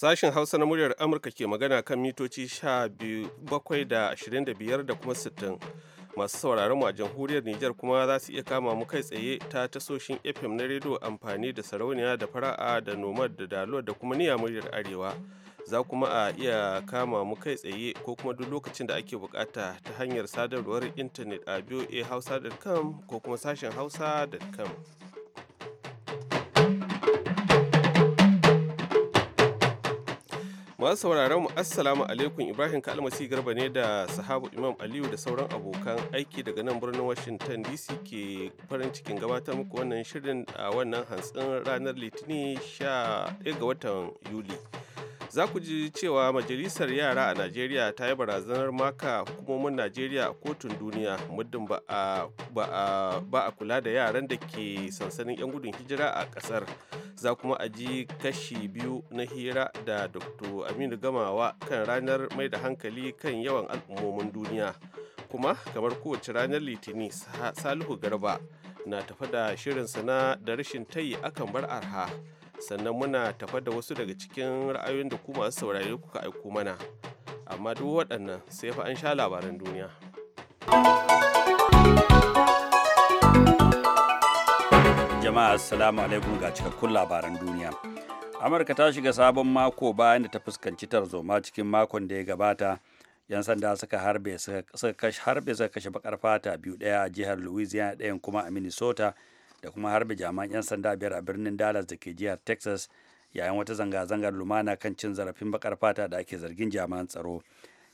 Sashen Hausa na muryar Amurka ke magana kan mitoci 17.25 da 25 da kuma 60. Masu sauraron mu a jamhuriyar Nijar kuma za su iya kama mu kai tsaye ta tasoshin FM na rediyo amfani da sarauniya da fara'a da nomad da dalo da kuma niya muryar Arewa. Za kuma a iya kama mu kai tsaye ko kuma duk lokacin da ake bukata ta hanyar sadarwar intanet a voahausa.com ko kuma sashen hausa.com. masu sauraron mu assalamu alaikum ibrahim kalmasi garba ne da sahabu imam aliyu da sauran abokan aiki daga nan birnin washington dc ke farin cikin gabatar muku wannan shirin a wannan hantsin ranar litinin 11 ga watan yuli za ku ji cewa majalisar yara a najeriya ta yi barazanar maka hukumomin najeriya a kotun duniya muddin ba a kula da yaran da ke sansanin 'yan gudun hijira a kasar za kuma a ji kashi biyu na hira da dr aminu gamawa kan ranar mai da hankali kan yawan al'ummomin duniya kuma kamar kowace ranar litinin salihu garba na tafa da shirin sana da rashin tayi akan bar arha sannan muna tafa da wasu daga cikin ra'ayoyin da ku masu saurare kuka aiko mana amma duk waɗannan sai fa an sha labaran duniya jama'a assalamu alaikum ga cikakkun labaran duniya amurka ta shiga sabon mako bayan da ta fuskanci tarzoma cikin makon da ya gabata yan sanda suka harbe suka kashe bakar fata biyu daya a jihar louisiana ɗayan kuma a minnesota da kuma harbe jami'an 'yan sanda biyar a birnin dallas da ke jihar texas yayin wata zanga-zangar lumana kan cin zarafin bakar fata da ake zargin jami'an tsaro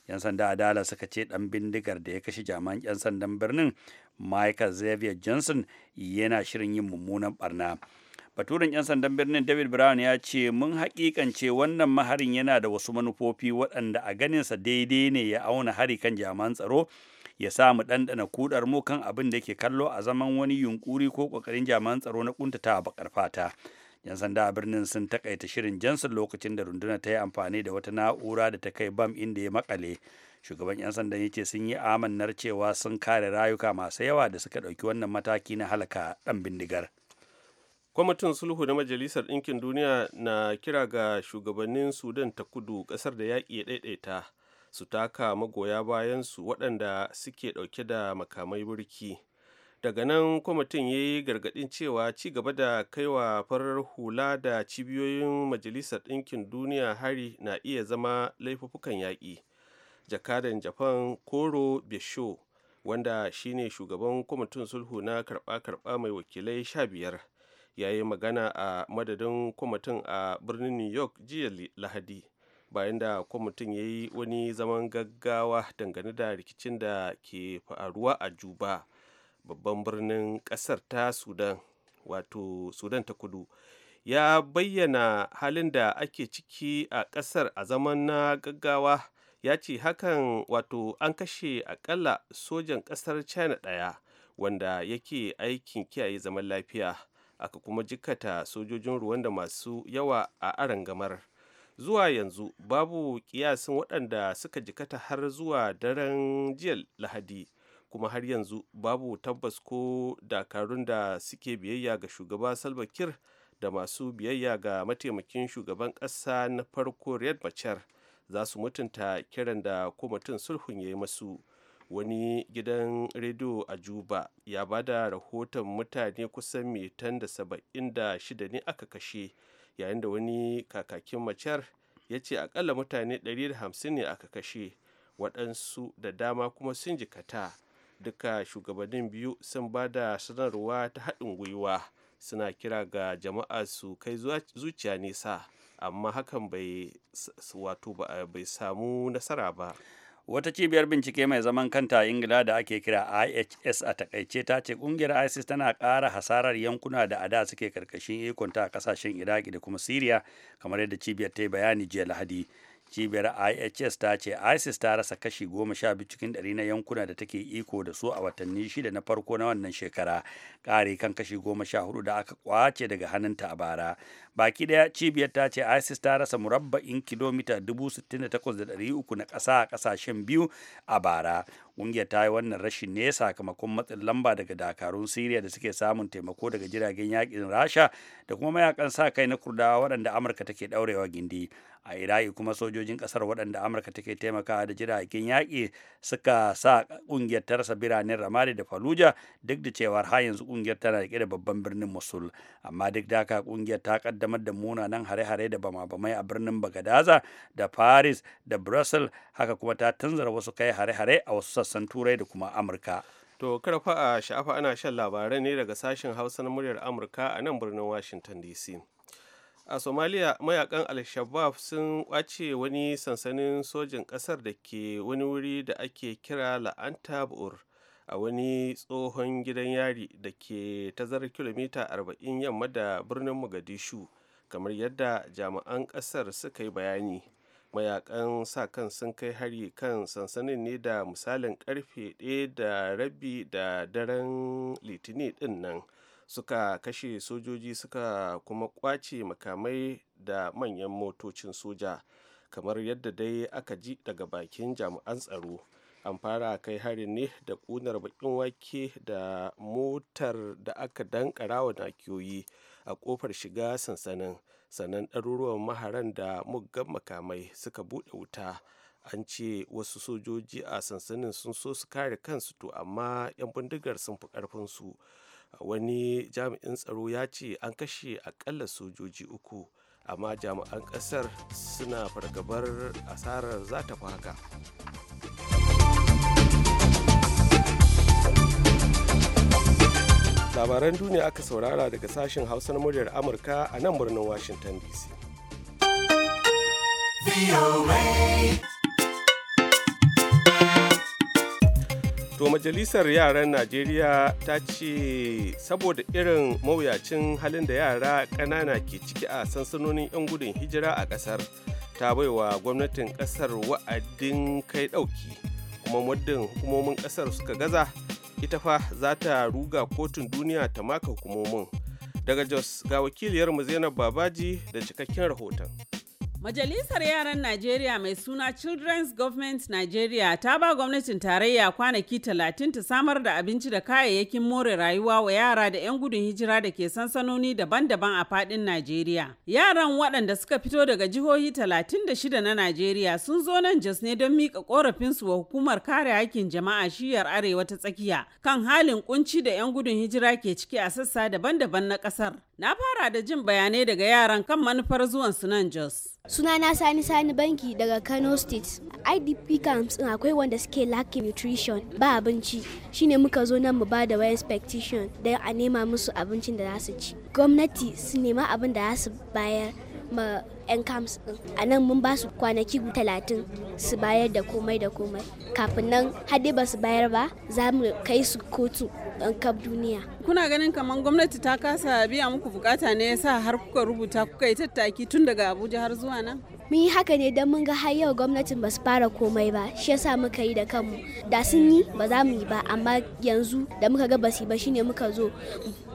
'yan sanda a dallas suka ce dan bindigar da ya kashe jami'an 'yan sandan birnin michael xavier johnson yana shirin yin mummunan barna baturin 'yan sandan birnin david brown ya ce mun hakikance wannan maharin yana da wasu manufofi waɗanda a ganinsa daidai ne ya auna hari kan jami'an tsaro ya sa mu ɗanɗana kudar mu kan abin da ke kallo a zaman wani yunkuri ko ƙoƙarin jami'an tsaro na ƙuntata a bakar fata. 'Yan sanda a birnin sun takaita shirin jansun lokacin da runduna ta yi amfani da wata na'ura da ta kai bam inda ya makale. Shugaban 'yan sandan ya ce sun yi amannar cewa sun kare rayuka masu yawa da suka ɗauki wannan mataki na halaka ɗan bindigar. kwamitin sulhu na majalisar ɗinkin duniya na kira ga shugabannin sudan ta kudu ƙasar da yaƙi ya ɗaiɗaita su taka magoya bayan su waɗanda suke ɗauke da makamai burki daga nan kwamitin ya yi gargaɗin cewa ci gaba da kaiwa farar hula da cibiyoyin majalisar ɗinkin duniya hari na iya zama laifuffukan yaƙi jakadan japan koro besho wanda shine shugaban kwamitin sulhu na karɓa-karɓa mai wakilai sha biyar ya magana a madadin kwamitin a birnin new york jiya lahadi bayan da kwamitin ya yi wani zaman gaggawa dangane da rikicin da ke faruwa a juba babban birnin kasar ta sudan wato sudan ta kudu ya bayyana halin da ake ciki a kasar a zaman na gaggawa ya ce hakan wato an kashe akalla sojan kasar china ɗaya wanda yake aikin kiyaye zaman lafiya aka kuma jikata sojojin ruwan da masu yawa a arangamar gamar zuwa yanzu babu kiyasin waɗanda suka jikata har zuwa daren jiya lahadi kuma har yanzu babu tabbas ko dakarun da suke biyayya ga shugaba salva kir da masu biyayya ga mataimakin shugaban ƙasa na farko riyad machar za su mutunta kiran da ko mutum sulhun ya yi masu wani gidan rediyo a juba ya bada rahoton mutane kusan mitan da saba'in da shida ne aka kashe yayin da wani kakakin macer ya ce akalla mutane 150 ne aka kashe waɗansu da dama kuma sun jikata duka shugabannin biyu sun ba da sanarwa ta haɗin gwiwa suna kira ga jama'a su kai zuciya nesa amma hakan bai bai samu nasara ba wata cibiyar bincike mai zaman kanta a ingila da ake kira ihs a takaice ta ce kungiyar isis tana kara hasarar yankuna da ada suke karkashin ikonta a kasashen iraki da kuma syria kamar yadda cibiyar ta yi bayani jiya lahadi cibiyar ihs ta ce isis ta rasa kashi goma sha biyu cikin ɗari na yankuna da take iko da su a watanni shida na farko na wannan shekara kare kan kashi goma sha hudu da aka kwace daga hannunta a bara baki ɗaya cibiyar ta ce isis ta rasa murabba'in kilomita dubu sittin da takwas da ɗari uku na ƙasa a ƙasashen biyu a bara kungiyar ta yi wannan rashin ne sakamakon matsin lamba daga dakarun siriya da suke samun taimako daga jiragen yakin rasha da kuma mayakan sa kai na kurdawa waɗanda amurka take ɗaurewa gindi a iraki kuma sojojin ƙasar waɗanda amurka take taimakawa da jiragen yaƙi suka sa ƙungiyar ta rasa biranen ramadi da faluja duk da cewar har yanzu ƙungiyar tana riƙe da babban birnin mosul amma duk da haka ƙungiyar ta ƙaddamar da munanan hare-hare da bama-bamai a birnin bagadaza da paris da brussels haka kuma ta tunzara wasu kai hare-hare a wasu sassan turai da kuma amurka to fa a sha'afa ana shan labarai ne daga sashen hausa na muryar amurka a nan birnin washington dc a somaliya mayakan al-shabab sun kwace wani sansanin sojin kasar da ke wani wuri da ake kira la'antabur a wani tsohon gidan yari da ke tazarar kilomita 40 yamma da birnin mogadishu kamar yadda jami'an kasar suka yi bayani mayakan sa kan sun kai hari kan sansanin ne da misalin karfe ɗaya da rabi da daren litini ɗin nan suka kashe sojoji suka kuma kwace makamai da manyan motocin soja kamar yadda dai aka ji daga bakin jami'an tsaro an fara kai harin ne da ƙunar bakin wake da motar da aka dankara wa nakiyoyi a ƙofar shiga sansanin sannan ɗaruruwan maharan da muggan makamai suka buɗe wuta an ce wasu sojoji a sansanin sun so su kare kansu to amma 'yan bindigar sun fi ƙarfinsu wani jami'in tsaro ya ce an kashe aƙalla sojoji uku amma jami'an ƙasar suna fargabar asarar za ta fi haka labaran duniya aka saurara daga sashen hausa na muryar amurka a nan birnin washington dc To majalisar yaran Najeriya ta ce saboda irin mawuyacin halin da yara ƙanana ke ciki a sansanonin 'yan gudun hijira a ƙasar ta baiwa gwamnatin ƙasar wa'adin kai ɗauki kuma muddin hukumomin ƙasar suka gaza ita fa za ta ruga kotun duniya ta maka hukumomin daga jos ga wakiliyarmu zainab babaji da cikakken rahoton Majalisar Yaran Najeriya mai suna Children's Government Nigeria ta ba gwamnatin tarayya kwanaki talatin ta samar da abinci da kayayyakin more rayuwa wa yara da 'yan gudun hijira da ke sansanoni daban-daban a fadin Najeriya. Yaran waɗanda suka fito daga jihohi talatin da shida na Najeriya sun zo nan Jos ne don miƙa ƙorafinsu wa hukumar kare hakkin jama'a shiyar arewa ta tsakiya kan halin kunci da 'yan gudun hijira ke ciki a sassa daban-daban na ƙasar. Na fara da jin bayanai daga yaran kan manufar zuwan su nan Jos. sunana sani sani banki daga kano state idp camps din akwai wanda suke lacking nutrition ba abinci shine muka zo nan mu ba da wayan expectation don a nema musu abincin da za su ci gwamnati su nema abin da za su bayar ma 'yan camps din a nan mun ba su kwanaki talatin su bayar da komai da komai kafin nan hade ba su bayar ba za mu kai su kotu kaf duniya. Kuna ganin kamar gwamnati ta kasa biya muku bukata ne sa har kuka rubuta kuka yi tattaki tun daga Abuja har zuwa nan? Mun yi haka ne don mun ga har yau gwamnatin ba su fara komai ba, shi yasa muka yi da kanmu. Da sun yi ba za mu yi ba, amma yanzu da muka ga ba yi ba shine muka zo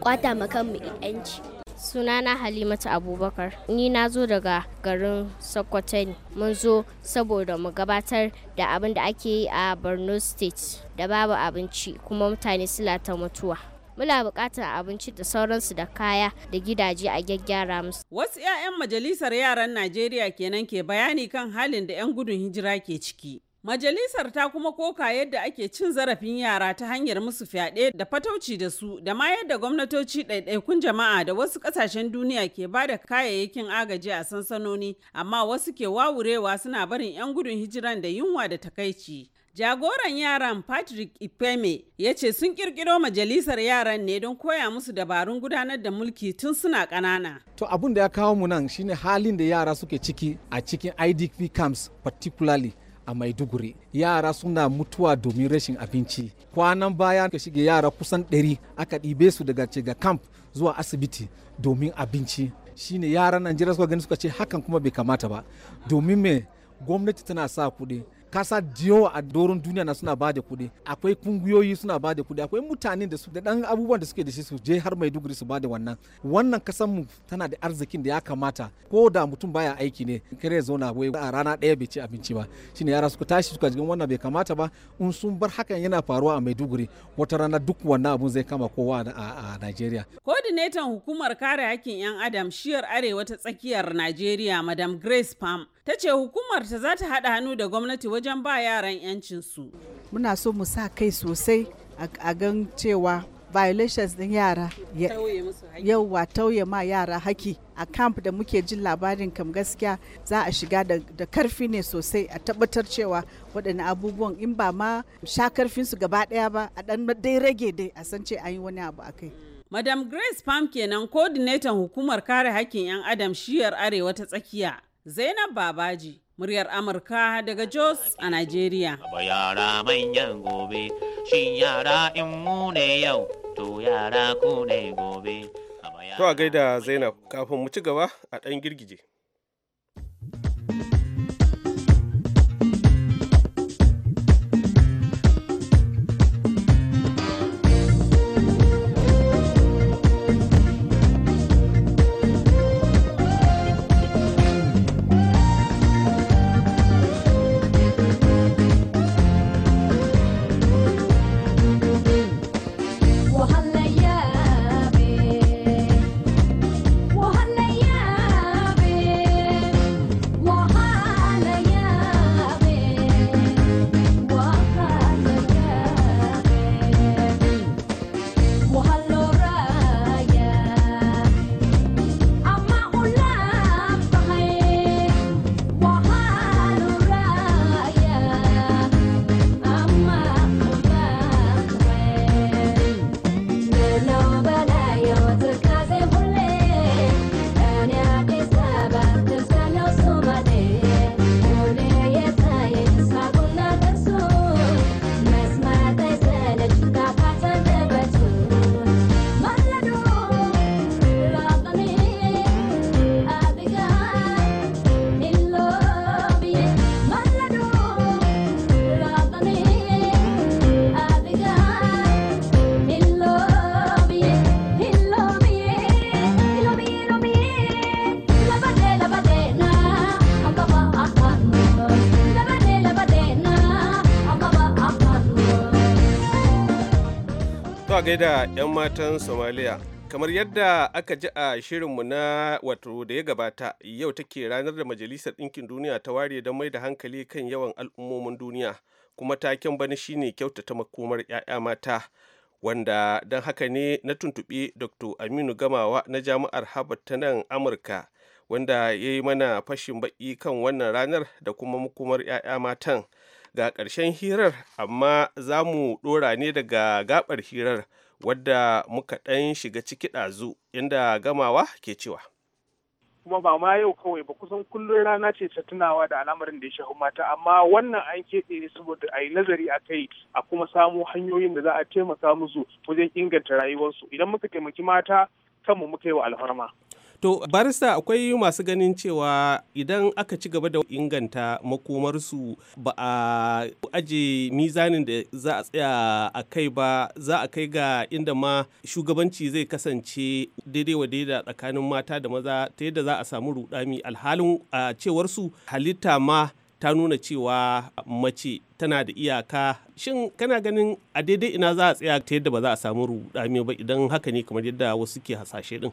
kwata ma kanmu 'yanci. sunana halimatu abubakar ni na zo daga garin sokoto ne mun zo saboda mu gabatar da abin da ake yi a borno state da babu abinci kuma mutane sila ta mutuwa muna buƙatar abinci da sauransu da kaya da gidaje a gyaggyara musu. Wasu 'ya'yan majalisar yaran Najeriya kenan ke bayani kan halin da 'yan gudun hijira ke ciki. Majalisar ta kuma koka yadda ake cin zarafin yara ta hanyar musu fyaɗe da fatauci da su da ma yadda gwamnatoci ɗaiɗaikun jama'a da wasu ƙasashen duniya ke ba da kayayyakin agaji a sansanoni amma wasu ke wawurewa suna barin 'yan gudun hijiran da yunwa da takaici. Jagoran yaran Patrick Ipeme ya ce sun kirkiro majalisar yaran ne don koya musu dabarun gudanar da mulki tun suna ƙanana. To abun da ya kawo mu nan shine halin da yara suke ciki a cikin IDP camps particularly a maiduguri yara suna mutuwa domin rashin abinci kwanan baya ka shige yara kusan ɗari aka ɗibe su daga ga camp zuwa asibiti domin abinci shine yaran najeriya suka gani suka ce hakan kuma bai kamata ba domin me gwamnati tana sa kuɗi kasa diyowa a doron duniya na suna bada kuɗi akwai kungiyoyi suna bada kuɗi akwai mutane da su da dan abubuwan da suke da shi su je har maiduguri su bada wannan wannan kasan mu tana da arzikin da ya kamata ko da mutum baya aiki ne kare zauna wai a rana ɗaya bai ci abinci ba shine yara suka tashi suka jigin wannan bai kamata ba in sun bar hakan yana faruwa a maiduguri wata rana duk wannan abun zai kama kowa a Najeriya. coordinator hukumar kare hakkin 'yan Adam shiyar arewa ta tsakiyar Najeriya Madam Grace Pam ta ce hukumar ta za ta haɗa hannu da gwamnati wajen ba yaran 'yancinsu. Muna so mu sa kai sosai a gan cewa violations din yara yauwa tauye ma yara haki a camp da muke jin labarin kam gaskiya za a shiga da karfi ne sosai a tabbatar cewa waɗanne abubuwan in ba ma sha karfinsu gaba ɗaya ba a ɗan dai rage dai a san ce an yi wani abu a kai. madam grace pam kenan coordinator hukumar kare hakkin 'yan adam shiyar arewa ta tsakiya Zainab Babaji, muryar Amurka daga Jos a Najeriya. yara manyan gobe, shi yara in mu ne yau, to yara ku ne gobe. To a gaida Zainab, kafin mu ci gaba a ɗan girgije. hallelujah. gai gaida 'yan matan Somalia. Kamar yadda aka ji a shirinmu na wato da ya gabata, yau take ranar da Majalisar Ɗinkin Duniya ta ware don mai da hankali kan yawan al'ummomin duniya, kuma taken bana shine kyautata makomar 'ya'ya mata. Wanda don haka ne na tuntuɓi Dr. Aminu Gamawa na Jami'ar Harvard ta nan Amurka, wanda ya yi mana fashin baƙi kan wannan ranar da kuma makomar 'ya'ya matan. ga ƙarshen hirar amma za mu ɗora ne daga gabar hirar wadda muka ɗan shiga ciki ɗazu inda gamawa ke cewa kuma ba ma yau kawai ba kusan kullum rana ce ta tunawa da al'amarin da ya shafi mata amma wannan an keɓe ne saboda a yi nazari a kai a kuma samo hanyoyin da za a taimaka musu wajen inganta rayuwarsu idan muka taimaki mata kanmu muka yi wa alfarma To barista akwai masu ganin cewa idan aka ci gaba da inganta makomarsu ba a aje mizanin da za a tsaya a kai ba za a kai ga inda ma shugabanci zai kasance daidai wa daida tsakanin mata da maza ta yadda za a samu rudami alhalin a cewarsu halitta ma ta nuna cewa mace tana da iyaka shin kana ganin a daidai ina za a tsaya ta yadda ba za a samu rudami ba idan haka ne kamar yadda wasu ke hasashe din.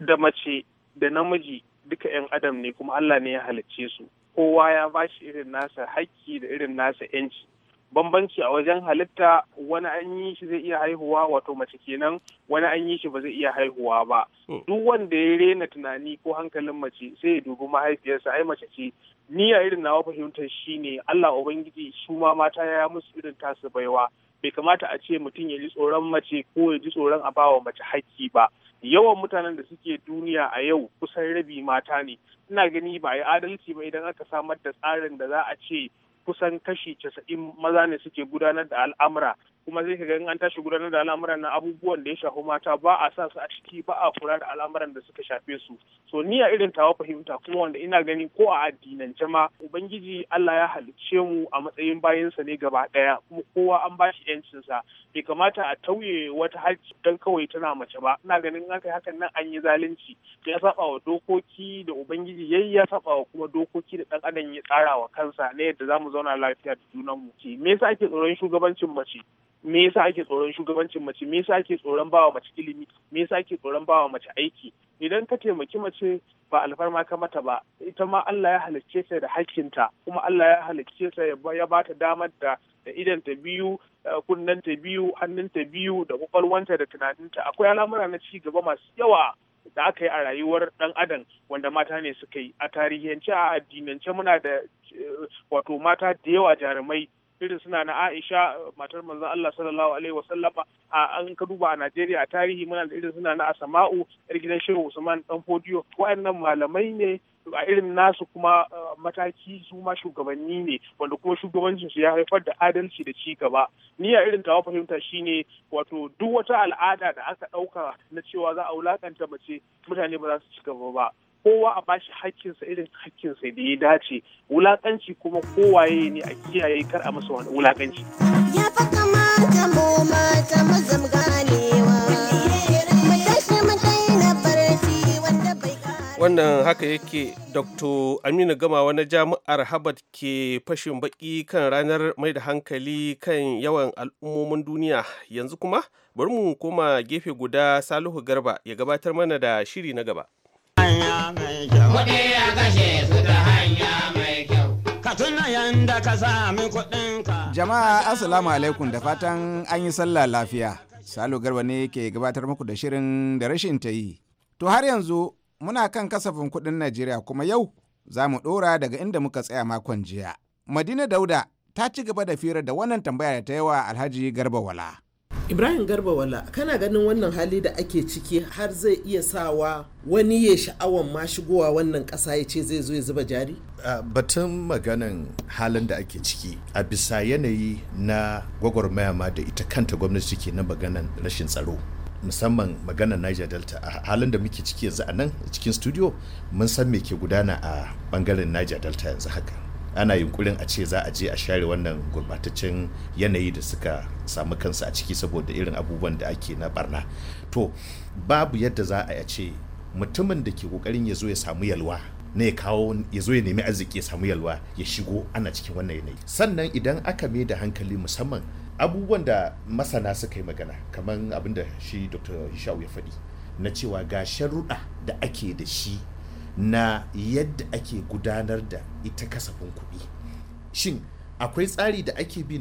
da mace da namiji duka 'yan adam ne kuma Allah ne ya halicce su kowa ya ba shi irin nasa haƙƙi da irin nasa 'yanci bambanci a wajen halitta wani an yi shi zai iya haihuwa wato mace kenan wani an yi shi ba zai iya haihuwa ba oh. duk wanda ya rena tunani ko hankalin mace sai ya dubi mahaifiyarsa ai mace ce ni a irin nawa fahimtar shi ne Allah ubangiji su ma mata ya musu irin tasu baiwa bai kamata a ce mutum ya ji tsoron mace ko ya ji tsoron a bawa mace haƙƙi ba yawan mutanen da suke duniya a yau kusan rabi mata ne ina gani ba a yi adalci ba idan aka samar da tsarin da za a ce kusan kashi casa'in maza ne suke gudanar da al'amura kuma zai ka ga an tashi gudanar da al'amuran na abubuwan da ya shafi mata ba a sa su a ciki ba a kula da al'amuran da suka shafe su so ni a irin tawa fahimta kuma wanda ina gani ko a addinance ma ubangiji Allah ya halicce mu a matsayin bayansa ne gaba daya kuma kowa an bashi yancin sa bai kamata a tauye wata hajji dan kawai tana mace ba ina ganin haka hakan nan an yi zalunci ya saba wa dokoki da ubangiji yayi ya saba wa kuma dokoki da dan adam ya tsara wa kansa ne yadda zamu zauna lafiya da junanmu me yasa ake tsoron shugabancin mace me yasa ake tsoron shugabancin mace me yasa ake tsoron bawa mace ilimi me yasa ake tsoron bawa mace aiki idan ka taimaki mace ba alfarma ka mata ba ita ma Allah ya halicce ta da hakkinta kuma Allah ya halicce ta ya ba ta damar da da idan ta biyu kunnen ta biyu hannun ta biyu da kwakwalwanta da tunaninta akwai al'amura na ci gaba masu yawa da aka yi a rayuwar dan adam wanda mata ne suka yi a tarihiyance a addinance muna da eh, wato mata da yawa jarumai irin suna na Aisha matar manzon Allah sallallahu alaihi wasallama a an ka duba a Najeriya a tarihi muna da irin suna na Asama'u yar gidan Shehu Usman dan Fodiyo wayannan malamai ne a irin nasu kuma mataki su ma shugabanni ne wanda kuma shugabancin su ya haifar da adalci da ci gaba ni a irin tawa fahimta shine wato duk wata al'ada da aka ɗauka na cewa za a wulakanta mace mutane ba za su ci gaba ba kowa a bashi hakkinsa irin hakkinsa da ya dace wulakanci kuma kowaye ne a kiyaye kar a masa wani wulakanci ya fa kamata mu mata mazam wannan haka yake dr aminu gamawa na jami'ar harvard ke fashin baki kan ranar mai da hankali kan yawan al'ummomin duniya yanzu kuma bari mu koma gefe guda salihu garba ya gabatar mana da shiri na gaba hanya mai kyau. Kuɗi a kashe su ta hanya mai kyau. Ka tuna yanda ka sami ka. Jama'a Assalamu alaikum da fatan an yi sallah lafiya. Salo Garba ne ke gabatar muku da shirin da rashin ta yi. To har yanzu muna kan kasafin kuɗin Najeriya kuma yau za mu ɗora daga inda muka tsaya makon jiya. Madina Dauda ta ci gaba da fira da wannan tambaya da ta yawa Alhaji Garba Wala. Ibrahim Garba wala kana ganin wannan hali da ake ciki har zai iya sawa wani ya sha'awan ma shigowa wannan ƙasa ya ce zai zo ya zuba jari? batun maganan halin da ake ciki a bisa yanayi na gwagwarmaya ma da ita kanta gwamnati ke na maganan rashin tsaro. musamman maganar niger delta a halin da muke ciki yanzu a nan cikin studio mun san me ke gudana a bangaren niger delta yanzu haka ana yunkurin a ce za a je a share wannan gurbataccen yanayi da suka samu kansu a ciki saboda irin abubuwan da ake na barna to babu yadda za a ce mutumin da ke kokarin ya zo ya samu yalwa ne kawo ya zo ya nemi arziki ya samu yalwa ya shigo ana cikin wannan yanayi sannan idan aka mai da hankali musamman abubuwan da masana suka yi magana kamar abin da shi dr ishau ya faɗi na cewa ga sharuɗa da ake da shi na yadda ake gudanar da ita kasafin kuɗi shin akwai tsari da ake bi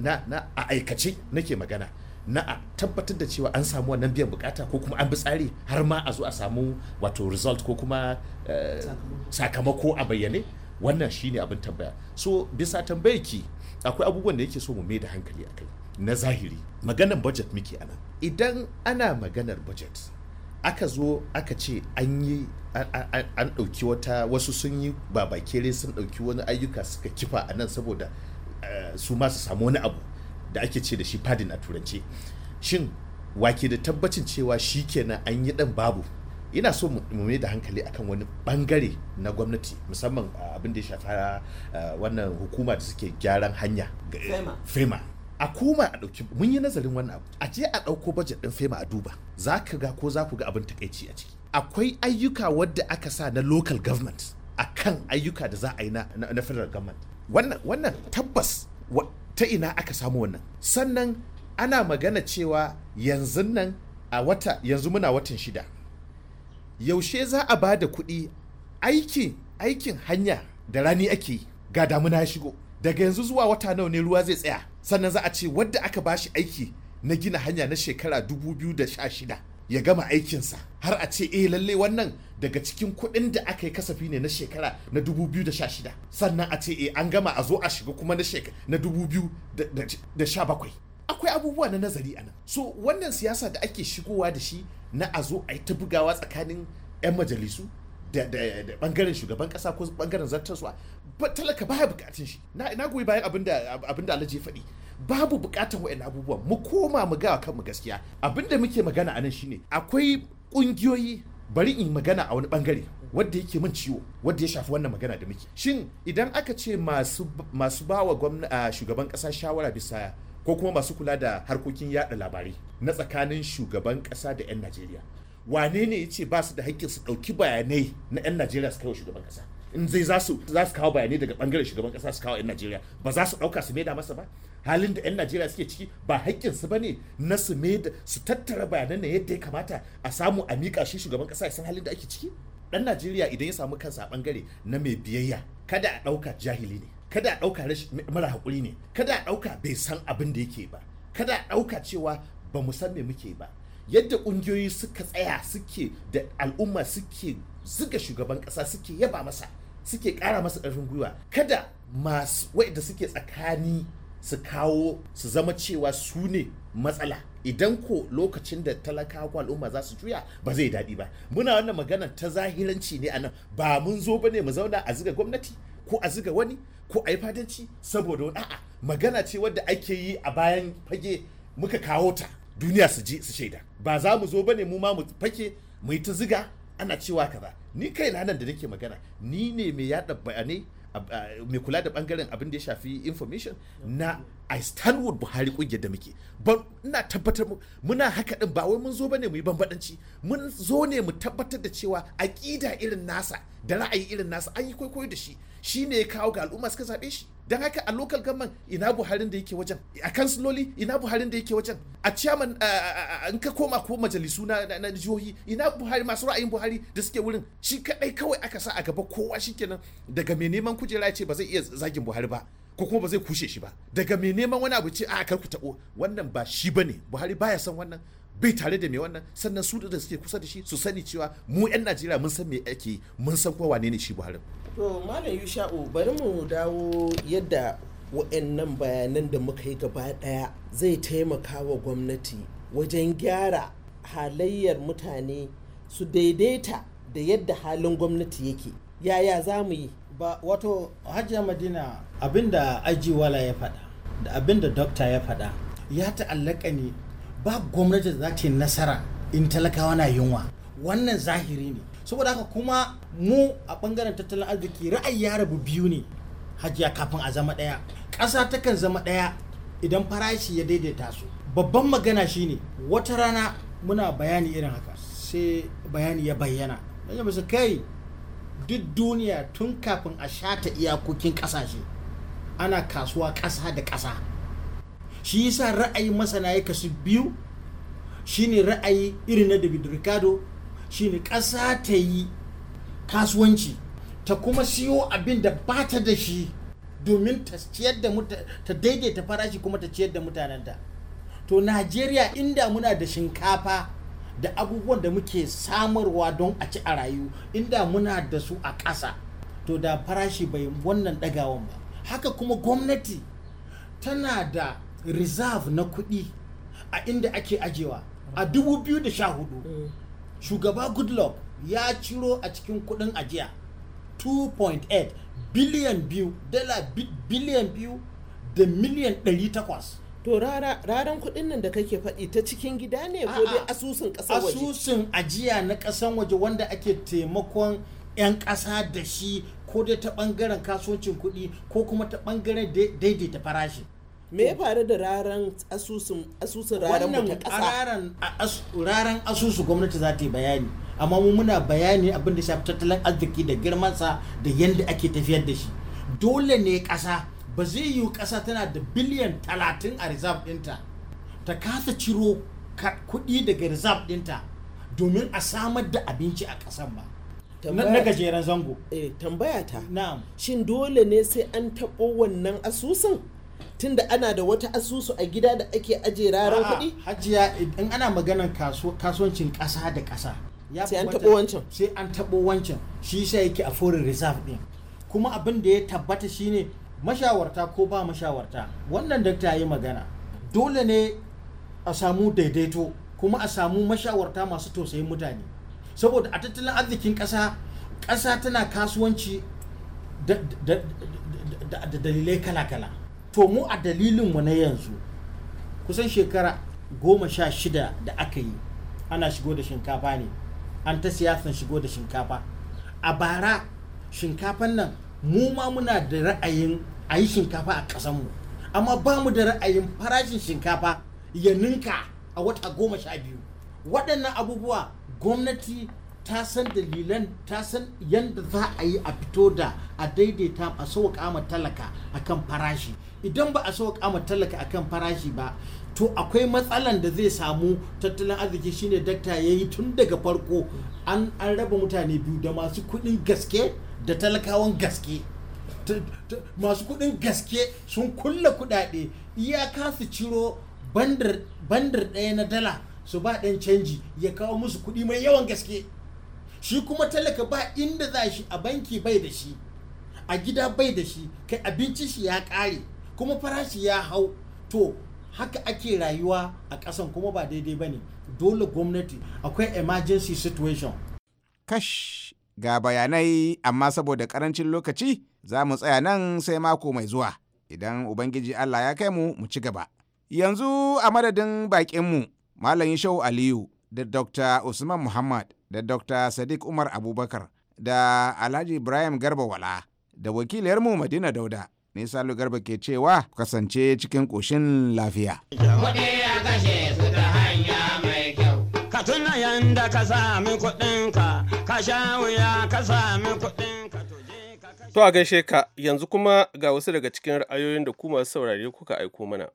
na, a aikace nake magana na a tabbatar da cewa an samu wannan biyan bukata ko kuma an bi tsari har ma a zo a samu wato result ko kuma eh, sakamako a bayyane wannan shine abin tambaya so bisa tambayar ki akwai abubuwan da yake so mu mai da hankali akai na zahiri maganar budget muke anan idan ana maganar budget aka zo aka ce an yi an ɗauki wata wasu sun yi babakere sun ɗauki wani ayyuka suka kifa a nan saboda eh, su ma su samu wani abu da ake ce da shi fadin a turance shin wake da tabbacin cewa shi kenan an yi ɗan babu ina so mu mai da hankali akan wani bangare na gwamnati musamman ah, abin da ya shafa ah, wannan hukuma da suke gyaran hanya eh, fema a koma a ɗauki mun yi nazarin wannan abu a je a ɗauko bajet ɗin fema a duba za ka ga ko za ku ga abin takaici a ciki akwai ayyuka wadda aka sa na local government a kan ayyuka da za a yi na, na, federal government wannan tabbas ta ina aka samu wannan sannan ana magana cewa yanzu nan a wata yanzu muna watan shida yaushe za a ba da kuɗi aikin aikin hanya da rani ake yi ga damuna ya shigo daga yanzu zuwa wata nawa ne ruwa zai tsaya sannan za a ce wadda aka bashi aiki na gina hanya na shekara 2016 ya gama aikinsa har a ce eh lalle wannan daga cikin kuɗin da aka yi kasafi ne na shekara na 2016 sannan a ce eh an gama a zo a shiga kuma na shekara 2017 akwai abubuwa na nazari a nan so wannan siyasa da ake shigowa da shi na a zo a yi ta bugawa tsakanin 'yan majalisu da bangaren shugaban kasa ko bangaren zartaswa ba talaka baya bukatun shi na goyi bayan abin da alhaji faɗi babu bukatan wa'in abubuwan mu koma mu ga kanmu gaskiya abin da muke magana a nan shine akwai kungiyoyi bari in magana a wani bangare wadda yake min ciwo wadda ya shafi wannan magana da muke shin idan aka ce masu masu bawa gwamna shugaban kasa shawara bisa ko kuma masu kula da harkokin yada labarai na tsakanin shugaban kasa da 'yan Najeriya wane ne ya ce ba su da haƙƙin su ɗauki bayanai na 'yan najeriya su kai wa shugaban ƙasa in zai za su kawo bayanai daga ɓangaren shugaban ƙasa su kawo 'yan najeriya ba za su ɗauka su maida masa ba halin da 'yan najeriya suke ciki ba haƙƙin su ba ne na su maida su tattara bayanan na yadda ya kamata a samu a miƙa shi shugaban kasa ya san halin da ake ciki ɗan najeriya idan ya samu kansa a bangare na mai biyayya kada a ɗauka jahili ne kada a ɗauka mara haƙuri ne kada a ɗauka bai san abin da yake ba kada a ɗauka cewa ba mu san me muke ba yadda ƙungiyoyi suka tsaya suke da al'umma suke zuga shugaban ƙasa suke yaba masa suke kara masa ƙarfin gwiwa kada masu waɗanda suke tsakani su kawo su zama cewa su ne matsala idan ko lokacin da talakawa ko al'umma za su juya ba zai daɗi ba muna wannan magana ta zahiranci ne a nan ba mun zo ba ne mu zauna a ziga gwamnati ko a ziga wani ko a yi fadanci saboda wani a'a magana ce wadda ake yi a bayan fage muka kawo ta duniya su ji su shaida ba za mu zo bane mu ma mu fake mu yi ta ziga ana cewa kaza ni kai na nan da nake magana ni ne mai yada bayanai mai kula da bangaren abin da ya shafi information na a stand with Buhari kungiyar da muke ban ina tabbatar muna haka din ba wai mun zo bane mu yi bambadanci mun zo ne mu tabbatar da cewa aƙida irin nasa da ra'ayi irin nasa an yi kwaikwayo da shi shi ne ya kawo ga al'umma suka zaɓe shi don haka a local government ina buharin da yake wajen a kansiloli ina buharin da yake wajen a chairman in ka koma ko majalisu na jihohi ina buhari masu ra'ayin buhari da suke wurin shi kaɗai kawai aka sa a gaba kowa shikenan daga mai neman kujera ya ce ba zai iya zagin buhari ba ko kuma ba zai kushe shi ba daga mai neman wani abu ce a kar ku tabo wannan ba shi bane buhari baya san wannan bai tare da mai wannan sannan su da suke kusa da shi su sani cewa mu 'yan najeriya mun san me ake mun san kowa ne shi buhari to malam yusha'u bari mu dawo yadda wa'annan bayanan da muka yi gaba daya zai taimaka wa gwamnati wajen gyara halayyar mutane su daidaita da yadda halin gwamnati yake yaya za mu yi ba wato hajjiya madina abinda ajiwala ya faɗa da abinda dokta ya faɗa ya ta'allaka ne ba gwamnati da za ta yi nasara in talakawa na yunwa wannan zahiri ne saboda haka kuma mu a bangaren tattalin arziki ra'ayi ya rabu biyu ne hajiya kafin a zama ɗaya ƙasa takan zama ɗaya idan farashi ya daidaita su babban magana shine wata rana muna bayani irin haka sai bayani ya bayyana yanzu kai duk duniya tun kafin a shata iyakokin kasashe ana kasuwa ƙasa da ƙasa shi yasa ra'ayin masana ya kasu biyu shine ra'ayi irin na david ricardo shine ƙasa ta yi kasuwanci ta kuma siyo abin da ba ta da shi domin ta ciyar da ta daidaita farashi kuma ta ciyar da mutanenta to najeriya inda muna da shinkafa da abubuwan da muke samarwa don a ci a rayu inda muna da su a ƙasa to da farashi bai wannan ɗagawan ba haka kuma gwamnati tana da reserve na kuɗi a inda ake ajewa a 2014 mm. shugaba goodluck ya ciro a cikin kuɗin ajiya 2.8 biliyan biyu dala biliyan biyu da miliyan 800 to raran kuɗin nan da kake faɗi ta cikin gida ne ko dai asusun ƙasar waje asusun ajiya na ƙasan waje wanda ake taimakon 'yan ƙasa da shi ko dai ta ɓangaren kasuwancin kuɗi ko kuma ta ɓangaren daidaita farashi me ya faru da raran asusun asusun raran wannan raran raran asusu gwamnati za ta yi bayani amma mu muna bayani abin da shafi tattalin arziki da girmansa da yadda ake tafiyar da shi dole ne ƙasa ba zai yiwu ƙasa tana da biliyan talatin a reserve ɗinta ta kasa ciro kuɗi daga reserve ɗinta domin a samar da abinci a ƙasan ba na gajeren zango eh tambaya ta na'am shin dole ne sai an taɓo wannan asusun tunda ana da wata asusu a gida da ake aje raran kuɗi hajiya in ana maganan kasuwancin ƙasa da ƙasa sai an taɓo wancan sai an taɓo wancan shi sai yake a foreign reserve ɗin kuma abin da ya tabbata shine mashawarta ko ba mashawarta wannan dakta ya yi magana dole ne a samu daidaito kuma a samu mashawarta masu tausayin mutane saboda a tattalin arzikin ƙasa ƙasa tana kasuwanci da dalilai kala-kala to mu a dalilinmu na yanzu kusan shekara goma sha shida da aka yi ana shigo da shinkafa ne an ta siyasan shigo da shinkafa a bara shinkafan nan mu ma muna da ra'ayin a yi shinkafa a ƙasanmu amma ba mu da ra'ayin farashin shinkafa ya ninka a wata goma sha biyu waɗannan abubuwa gwamnati ta san dalilan ta san yadda za a yi a fito da a daidaita a sauƙa ma talaka a kan farashi idan ba a sauƙa ma talaka a kan farashi ba to akwai matsalan da zai samu tattalin arziki shine dakta ya yi tun daga farko an raba mutane biyu da masu kuɗin gaske da talakawan gaske masu kudin gaske sun kulle kudade iyaka su ciro bandar ɗaya na dala su ba ɗan canji ya kawo musu kudi mai yawan gaske shi kuma talaka ba inda za shi a banki bai da shi a gida bai da shi kai abinci shi ya ƙare kuma farashi ya hau to haka ake rayuwa a ƙasan kuma ba daidai ba ne dole gwamnati akwai emergency situation kash Ga bayanai amma saboda ƙarancin lokaci za mu tsaya nan sai mako mai zuwa idan Ubangiji Allah ya kai mu mu ci gaba. Yanzu a madadin baƙinmu Malam Shau Aliyu da Dr. Usman Muhammad da Dr. Sadiq Umar Abubakar da Alhaji Ibrahim Garba Wala da wakiliyarmu Madina Dauda. salu Garba ke cewa kasance cikin koshin lafiya. Kuɗi a kashe su ta hanya mai kyau. Ka tuna yanda ka sami kuɗin To a gaishe ka yanzu kuma ga wasu daga cikin ra'ayoyin da kuma masu saurare kuka aiko mana.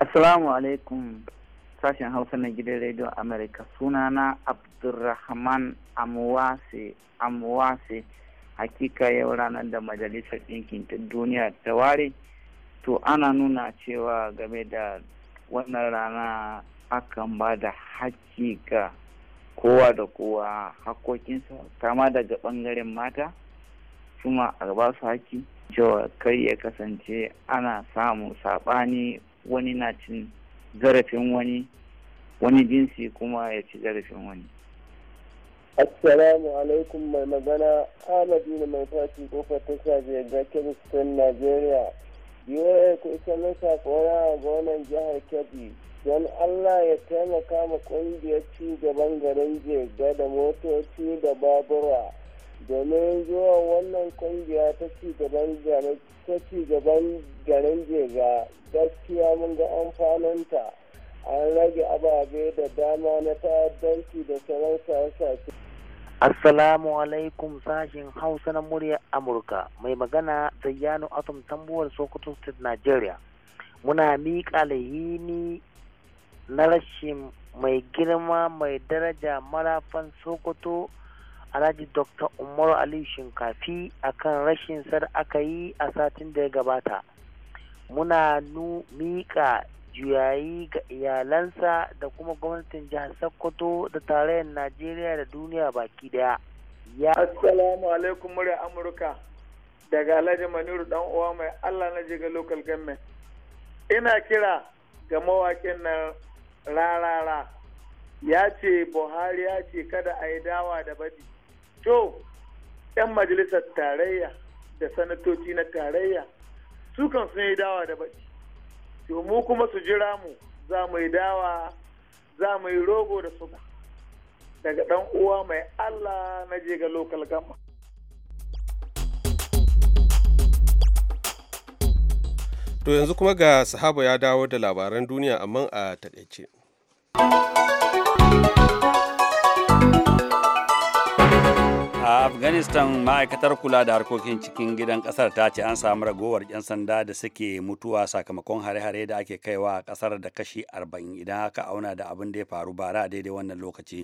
Assalamu alaikum sashen Hausa na gidan Radio America sunana Abdulrahman Amwase Amwase hakika yau ranar da Majalisar Ɗinkin ta Duniya ta ware to ana nuna cewa game da wannan rana akan ba da haƙƙi ga kowa da kowa haƙoƙinsa kama daga ɓangaren mata kuma a ba su haƙƙi cewa kai ya kasance ana samu saɓani wani na cin zarafin wani wani jinsi kuma ya ci zarafin wani Assalamu alaikum mai magana Ahmad mai fashi kofar ta sajiyar ga Kiristan Najeriya ya ku isa kora a gonan jihar kebbi don allah ya taimaka ma ƙungiyar ci gaban garin jirga da motoci da babura domin zuwa wannan ƙungiya ta ci gaban garin jirga gaskiya mun ga amfaninta an rage ababe da dama na ta'addanci da sauran sace Assalamu alaikum sashen Hausa na murya Amurka mai magana Zayyano Atom tambuwar Sokoto State Nigeria. Muna miƙa layini na rashin mai girma mai daraja marafan Sokoto Alhaji Dr. Umar Ali Shinkafi akan rashin sar aka yi a satin da ya gabata. Muna nu miƙa juyayi ga iyalansa da kuma gwamnatin jihar Sokoto da tarayyar Najeriya da duniya baki daya. Ya Assalamu alaikum murya Amurka daga Alhaji Maniru dan uwa mai Allah na jiga local government. Ina kira ga mawakin nan rarara ya ce Buhari ya ce kada a yi dawa da badi. To, 'yan majalisar tarayya da sanatoci na tarayya sukan sun yi dawa da badi. to mu kuma su jira mu za mu yi dawa za mu yi rogo da suga daga ɗan uwa mai allah na je ga lokal gama to yanzu kuma ga sahaba ya dawo da labaran duniya amma a taƙaice. a afghanistan ma'aikatar kula da harkokin cikin gidan kasar ta ce an samu ragowar 'yan sanda da suke mutuwa sakamakon hare-hare da ake kaiwa a kasar da kashi 40 idan aka auna da abin da ya faru bara a daidai wannan lokaci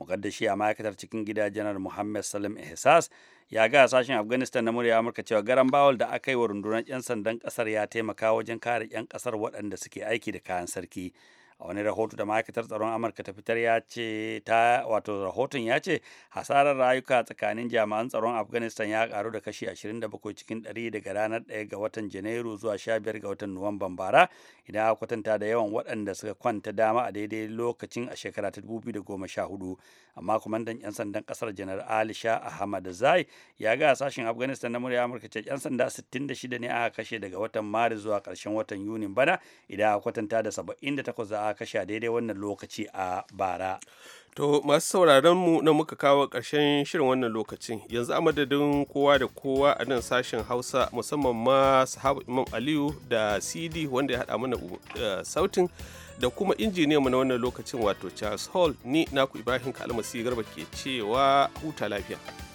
mukaddashi a ma'aikatar cikin gida janar muhammad salim ihsas ya ga sashen afghanistan na murya amurka cewa garan bawal da aka yi wa rundunar 'yan sandan kasar ya taimaka wajen kare 'yan kasar waɗanda suke aiki da kayan sarki a wani rahoto da ma'aikatar tsaron amurka ta fitar ya ce ta wato rahoton ya ce hasarar rayuka tsakanin jami'an tsaron afghanistan ya karu da kashi 27 cikin 100 daga ranar 1 ga watan janairu zuwa 15 ga watan nuwamban bara idan aka kwatanta da yawan waɗanda suka kwanta dama a daidai lokacin a shekara ta 2014 amma kwamandan 'yan sandan kasar janar ali sha ahmad zai ya ga sashen afghanistan na murya amurka ce 'yan sanda 66 ne aka kashe daga watan maris zuwa karshen watan yuni bana idan aka kwatanta da 78 za da daidai wannan lokaci a bara To masu sauraron mu na muka kawo ƙarshen shirin wannan lokacin yanzu a madadin kowa da kowa a nan sashen Hausa musamman ma sahabu Imam Aliyu da CD wanda ya haɗa mana eh, sautin da kuma injiniya mu na wannan lokacin wato Charles Hall ni naku Ibrahim Kalmasi Garba ke cewa huta lafiya.